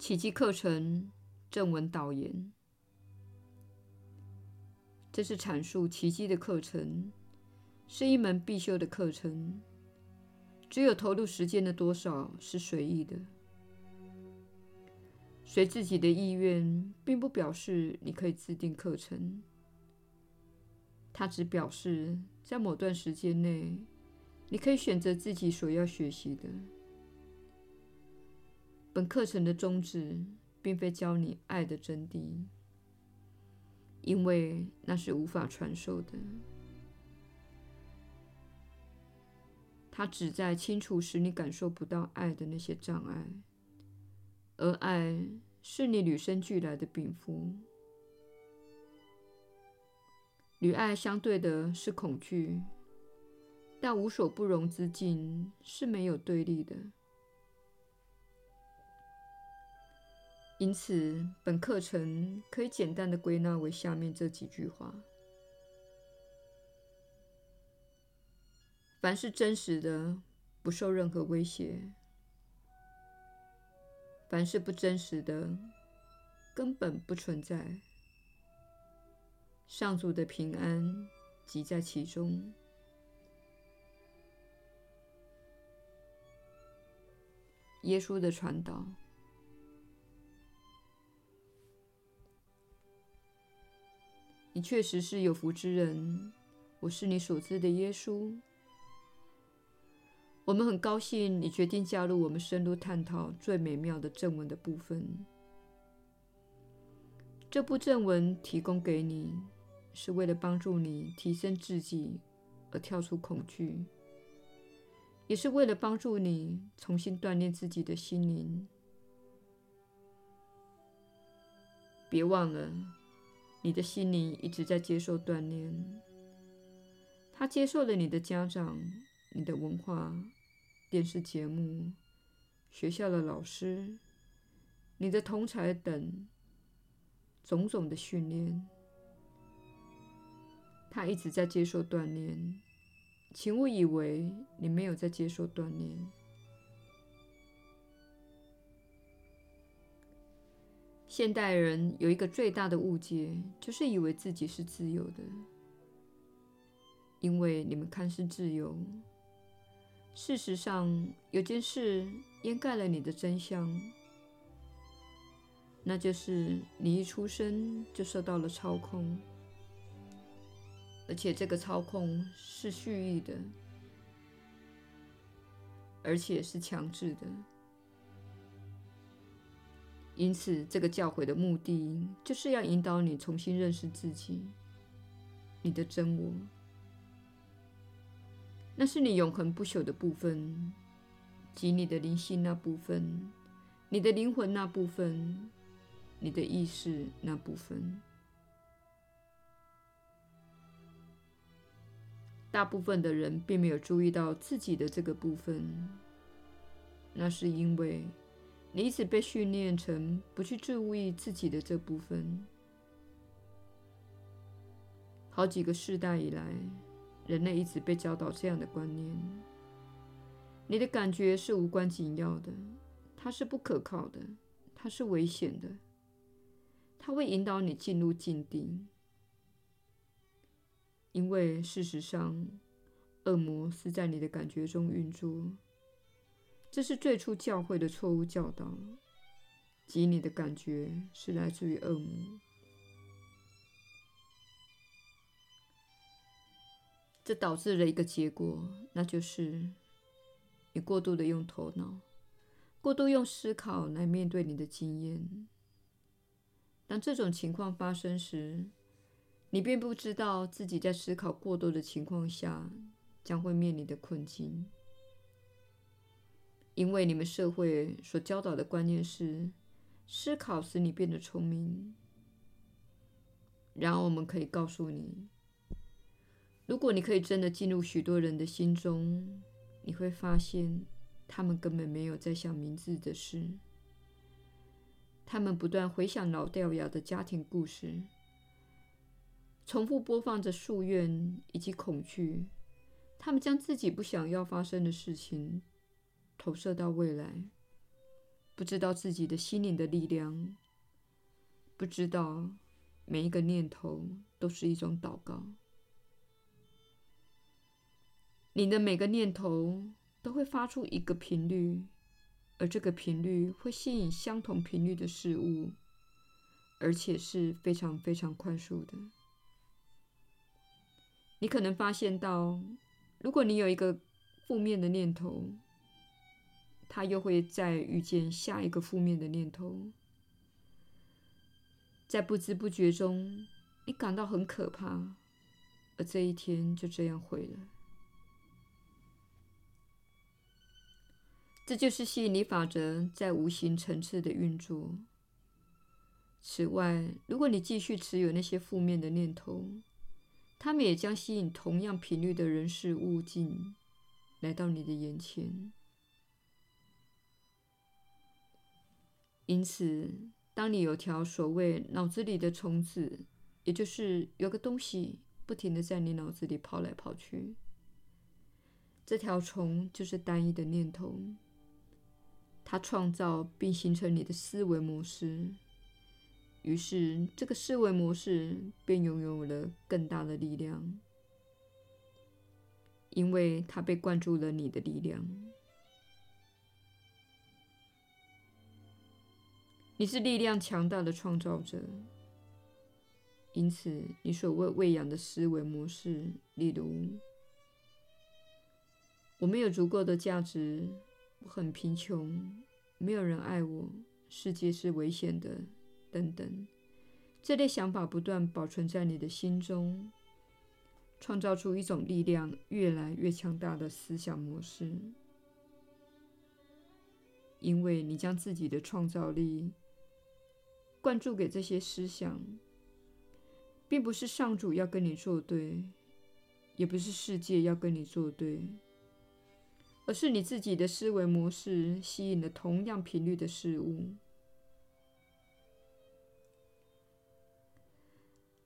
奇蹟課程正文導言：這是闡述奇蹟的課程，是一門必修的課程。只有投入時間的多少是隨意的，隨自己的意願，並不表示你可以制定課程。它只表示在某段時間內，你可以選擇自己所要學習的。本課程的宗旨，並非教你愛的真諦，因為那是無法傳授的。它只在清除使你感受不到愛的那些障礙，而愛是你與生俱來的稟賦。與愛相對的是恐懼，但無所不容之境是沒有對立的。因此，本課程可以簡單的歸納為下面這幾句話：凡是真實的，不受任何威脅；凡是不真實的，根本不存在。上主的平安即在其中。耶穌的傳道。你確實是有福之人，我是你所知的耶穌。我們很高興你決定加入我們深入探討最美妙的正文的部分。這部正文提供給你，是為了幫助你提升自己而跳出恐懼，也是為了幫助你重新鍛鍊自己的心靈。別忘了。你的心靈一直在接受鍛鍊，它接受了你的家長、你的文化、電視節目、學校的老師、你的同儕等種種的訓練，它一直在接受鍛鍊，請勿以為你沒有在接受鍛鍊。現代人有一個最大的誤解，就是以為自己是自由的。因為你們看似自由，事實上有件事掩蓋了你的真相，那就是你一出生就受到了操控，而且這個操控是蓄意的，而且是強制的。因此，這個教誨的目的就是要引導你重新認識自己，你的真我。那是你永恆不朽的部分，即你的靈性那部分，你的靈魂那部分，你的意識那部分。大部分的人並沒有注意到自己的這個部分，那是因為，你一直被訓練成不去注意自己的這部分。好幾個世代以來，人類一直被教導這樣的觀念：你的感覺是無關緊要的，它是不可靠的，它是危險的，它會引導你進入禁地。因為事實上，惡魔是在你的感覺中運作。這是最初教會的錯誤教導，即你的感覺是來自於惡魔。這導致了一個結果，那就是你過度地用頭腦，過度用思考來面對你的經驗。當這種情況發生時，你並不知道自己在思考過多的情況下將會面臨的困境。因為你們社會所教導的觀念是，思考使你變得聰明。然而，我們可以告訴你，如果你可以真的進入許多人的心中，你會發現他們根本沒有在想明智的事。他們不斷回想老掉牙的家庭故事，重複播放着宿怨以及恐懼。他們將自己不想要發生的事情，投射到未來，不知道自己的心靈的力量，不知道每一個念頭都是一種禱告。你的每個念頭都會發出一個頻率，而這個頻率會吸引相同頻率的事物，而且是非常非常快速的。你可能發現到，如果你有一個負面的念頭，他又會再遇見下一個負面的念頭，在不知不覺中，你感到很可怕，而這一天就這樣毀了。這就是吸引力法則在無形層次的運作。此外，如果你繼續持有那些負面的念頭，它們也將吸引同樣頻率的人事物境來到你的眼前。因此，當你有條所謂腦子裡的蟲子，也就是有個東西不停地在你腦子裡跑來跑去，這條蟲就是單一的念頭。它創造並形成你的思維模式，於是這個思維模式便擁有了更大的力量，因為它被灌注了你的力量。你是力量強大的創造者，因此你所謂餵養的思維模式，例如“我沒有足夠的價值，我很貧窮，沒有人愛我，世界是危險的”等等，這類想法不斷保存在你的心中，創造出一種力量越來越強大的思想模式，因為你將自己的創造力，灌注給這些思想，並不是上主要跟你作對，也不是世界要跟你作對，而是你自己的思維模式吸引了同樣頻率的事物。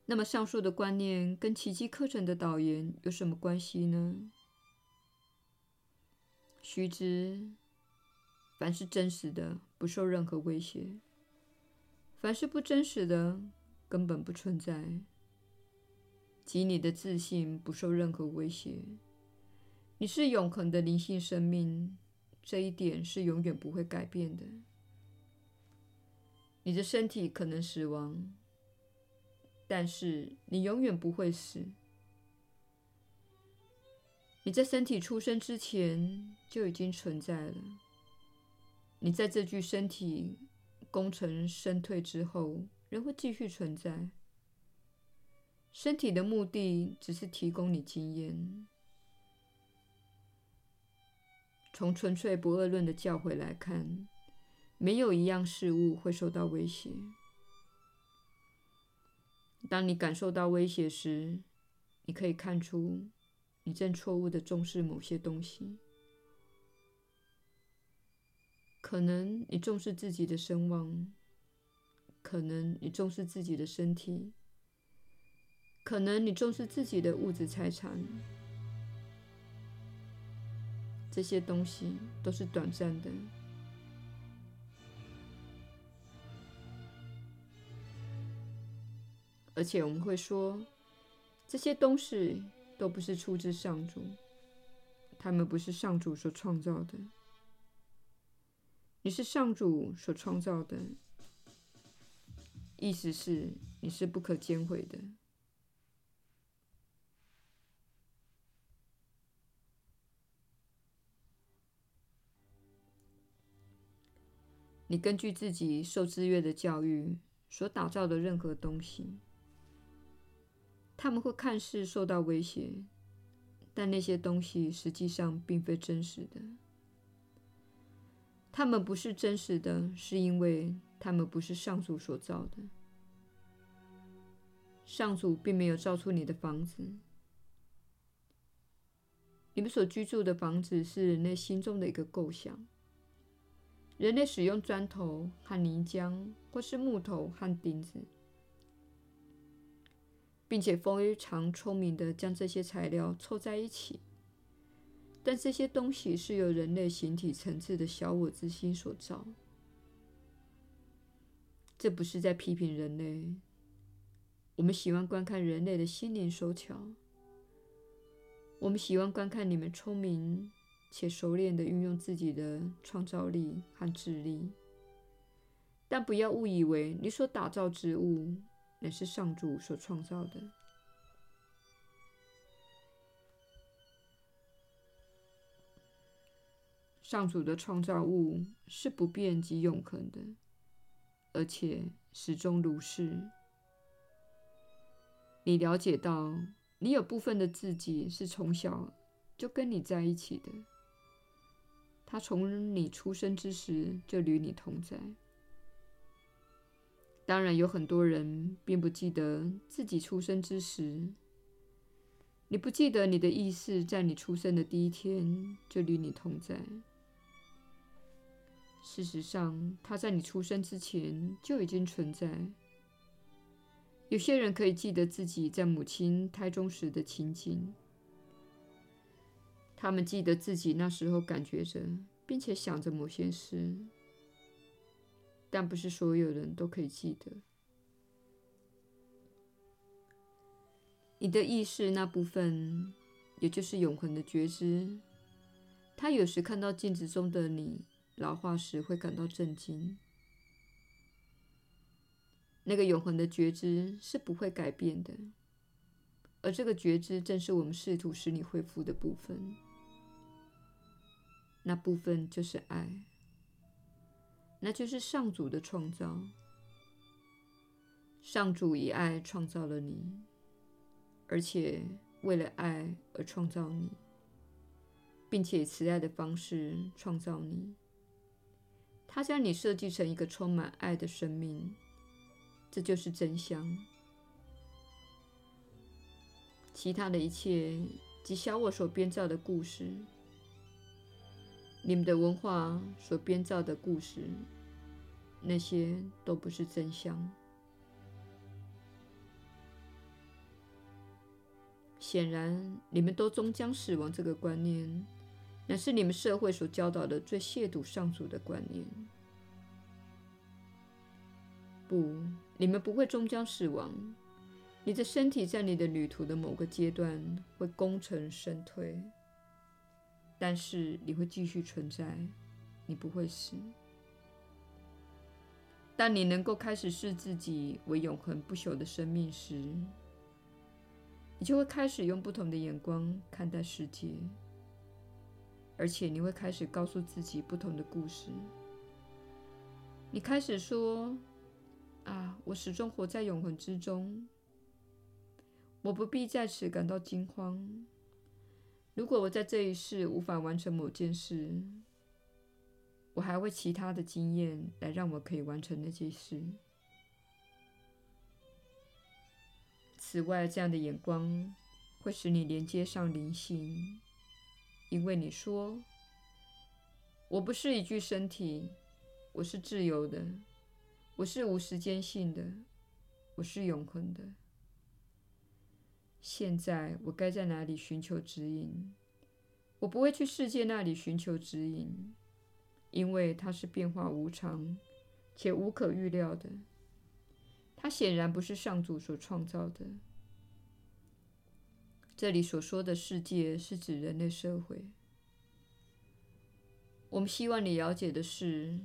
那麼上述的觀念跟奇蹟課程的導言有什麼關係呢？須知，凡是真實的，不受任何威脅。凡是不真實的，根本不存在。即你的自性不受任何威脅。你是永恆的靈性生命，這一點是永遠不會改變的。你的身體可能死亡，但是你永遠不會死。你在身體出生之前就已經存在了。你在這具身體功成身退之後，仍會繼續存在。身體的目的只是提供你經驗。從純粹不二論的教誨來看，沒有一樣事物會受到威脅。當你感受到威脅時，你可以看出你正錯誤地重視某些東西。可能你重視自己的聲望，可能你重視自己的身體，可能你重視自己的物質財產，這些東西都是短暫的。而且我們會說，這些東西都不是出自上主，它們不是上主所創造的。你是上主所創造的，意思是你是不可摧毀的。你根據自己受制約的教育所打造的任何東西，它們會看似受到威脅，但那些東西實際上並非真實的。他們不是真實的，是因為他們不是上主所造的。上主並沒有造出你的房子。你們所居住的房子是人類心中的一個構想。人類使用磚頭和泥漿，或是木頭和釘子，並且非常聰明的將這些材料湊在一起。但這些東西是由人類形體層次的小我之心所造。這不是在批評人類。我們喜歡觀看人類的心靈手巧，我們喜歡觀看你們聰明且熟練地運用自己的創造力和智力。但不要誤以為你所打造之物乃是上主所創造的。上主的創造物是不變及永恆的，而且始終如是。你了解到，你有部分的自己是從小就跟你在一起的，他從你出生之時就與你同在。當然，有很多人並不記得自己出生之時，你不記得你的意識在你出生的第一天就與你同在。事實上，它在你出生之前就已經存在。有些人可以記得自己在母親胎中時的情景，他們記得自己那時候感覺着，並且想着某些事，但不是所有人都可以記得。你的意識那部分，也就是永恆的覺知，它有時看到鏡子中的你老化時會感到震驚。那個永恆的覺知是不會改變的，而這個覺知正是我們試圖使你恢復的部分。那部分就是愛，那就是上主的創造。上主以愛創造了你，而且為了愛而創造你，並且以慈愛的方式創造你。他將你設計成一個充滿愛的生命，這就是真相。其他的一切，即小我所編造的故事，你們的文化所編造的故事，那些都不是真相。顯然，你們都終將死亡這個觀念。乃是你們社會所教導的最褻瀆上主的觀念。不，你們不會終將死亡。你的身體在你的旅途的某個階段會功成身退，但是你會繼續存在，你不會死。當你能夠開始視自己為永恆不朽的生命時，你就會開始用不同的眼光看待世界。而且你會開始告訴自己不同的故事。你開始說：“啊，我始終活在永恆之中，我不必在此感到驚慌。如果我在這一世無法完成某件事，我還會其他的經驗來讓我可以完成那件事。”此外，這樣的眼光會使你連接上靈性。因為你說，我不是一具身體，我是自由的，我是無時間性的，我是永恆的。現在我該在哪裡尋求指引？我不會去世界那裡尋求指引，因為它是變化無常且無可預料的。它顯然不是上主所創造的。這裡所說的世界是指人類社會。我們希望你了解的是，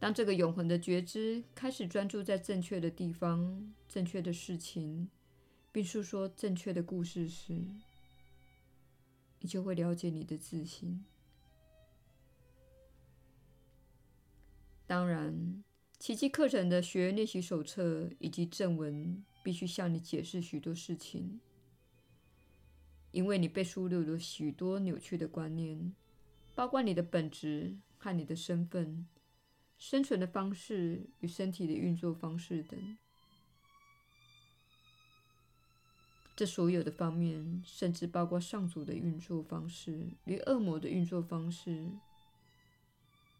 當這個永恆的覺知開始專注在正確的地方、正確的事情，並訴說正確的故事時，你就會了解你的自性。當然，奇蹟課程的學員練習手冊以及正文必須向你解釋許多事情。因為你被輸入了許多扭曲的觀念，包括你的本質和你的身份、生存的方式與身體的運作方式等，這所有的方面，甚至包括上主的運作方式與惡魔的運作方式，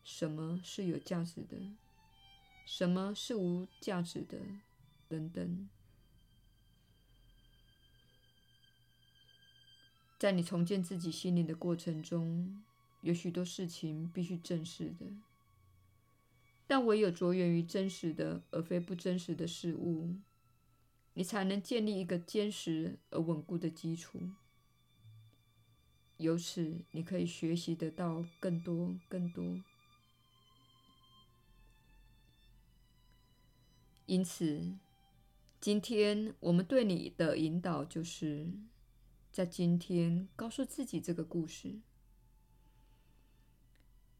什麼是有價值的，什麼是無價值的，等等。在你重建自己心靈的過程中，有許多事情必須正視的。但唯有着眼於真實的，而非不真實的事物，你才能建立一個堅實而穩固的基礎。由此，你可以學習得到更多、更多。因此，今天我們對你的引導就是。在今天，告訴自己這個故事。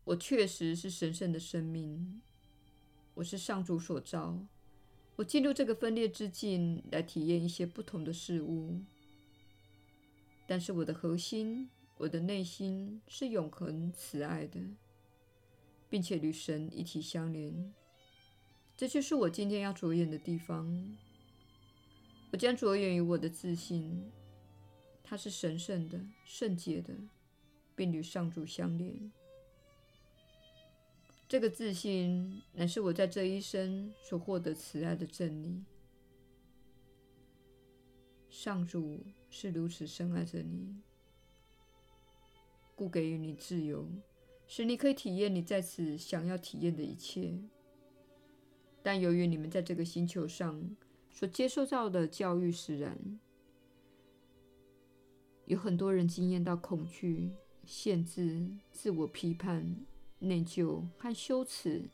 我確實是神聖的生命，我是上主所造。我進入這個分裂之境，來體驗一些不同的事物。但是，我的核心，我的內心是永恆慈愛的，並且與神一體相連。這就是我今天要着眼的地方。我將着眼於我的自信。它是神聖的、聖潔的，並與上主相連。這個自信乃是我在這一生所獲得慈愛的證明。上主是如此深愛着你，故給予你自由，使你可以體驗你在此想要體驗的一切。但由於你們在這個星球上所接受到的教育使然，有很多人經驗到恐懼、限制、自我批判、內疚和羞恥，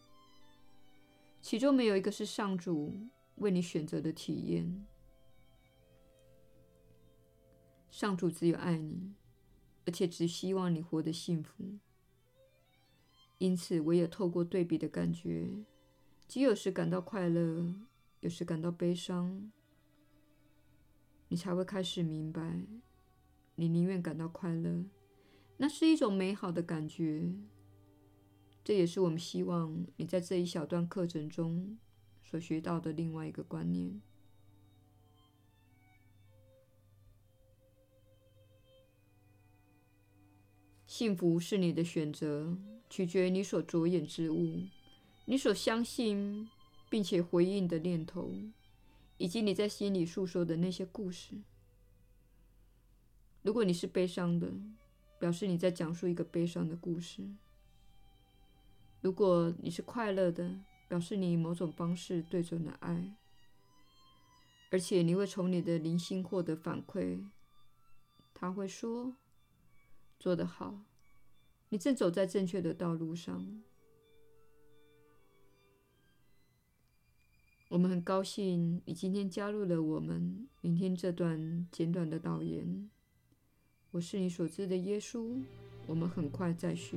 其中沒有一個是上主為你選擇的體驗。上主只有愛你，而且只希望你活得幸福。因此，唯有透過對比的感覺，即有時感到快樂，有時感到悲傷，你才會開始明白。你寧願感到快樂，那是一種美好的感覺。這也是我們希望你在這一小段課程中所學到的另外一個觀念：幸福是你的選擇，取決於你所着眼之物、你所相信並且回應的念頭，以及你在心裡訴說的那些故事。如果你是悲傷的，表示你在講述一個悲傷的故事；如果你是快樂的，表示你以某種方式對準了愛，而且你會從你的靈性獲得反饋。他會說：“做得好，你正走在正確的道路上。”我們很高興你今天加入了我們。明天這段簡短的導言。我是你所知的耶穌，我們很快再續。